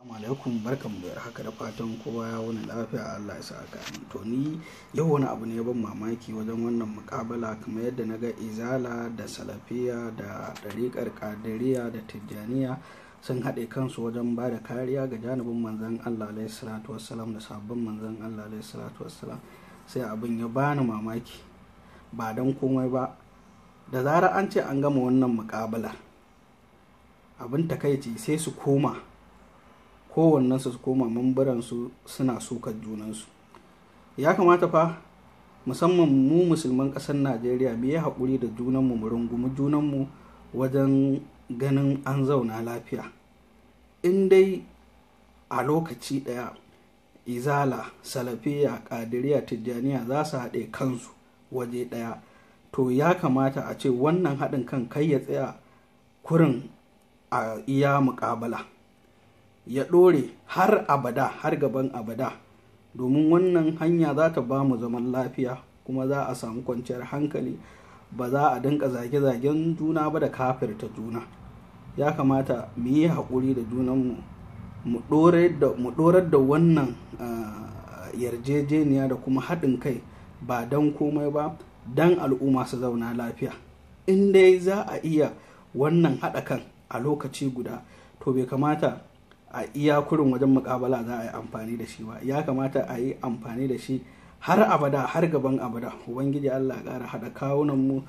Assalamu alaikum barkan da haka da fatan kowa ya wani lafiya Allah ya saka to ni yau wani abu ne ya ban mamaki wajen wannan mukabala kamar yadda na ga izala da salafiya da ɗariƙar kadariya da tijjaniya sun haɗe kansu wajen ba da kariya ga janibin manzan Allah alaihi salatu wassalam da sabbin manzan Allah alaihi salatu wassalam sai abin ya bani mamaki ba don komai ba da zarar an ce an gama wannan mukabalar abin takaici sai su koma kowannensu su koma mambaransu suna sukar junansu ya kamata fa musamman mu musulman ƙasar najeriya mu yi haƙuri da junanmu mu rungumi junanmu wajen ganin an zauna lafiya in dai a lokaci ɗaya izala salafiya ƙadiriya tijjaniya za su haɗe kansu waje ɗaya to ya kamata a ce wannan haɗin kan kai ya tsaya kurin a iya muƙabala ya ɗore har abada har gaban abada domin wannan hanya za ta ba mu zaman lafiya kuma za a samu kwanciyar hankali ba za a dinka zage-zagen juna ba da kafirta juna ya kamata mu yi haƙuri da junanmu mu ɗorar da wannan yarjejeniya da kuma haɗin kai ba don komai ba don al'umma su zauna lafiya in dai za a iya wannan haɗa kan a lokaci guda to bai kamata a iya kurin wajen mukabala za a yi amfani da shi ba ya kamata a yi amfani da shi har abada har gaban abada ubangiji allah ƙara haɗa kawunan mu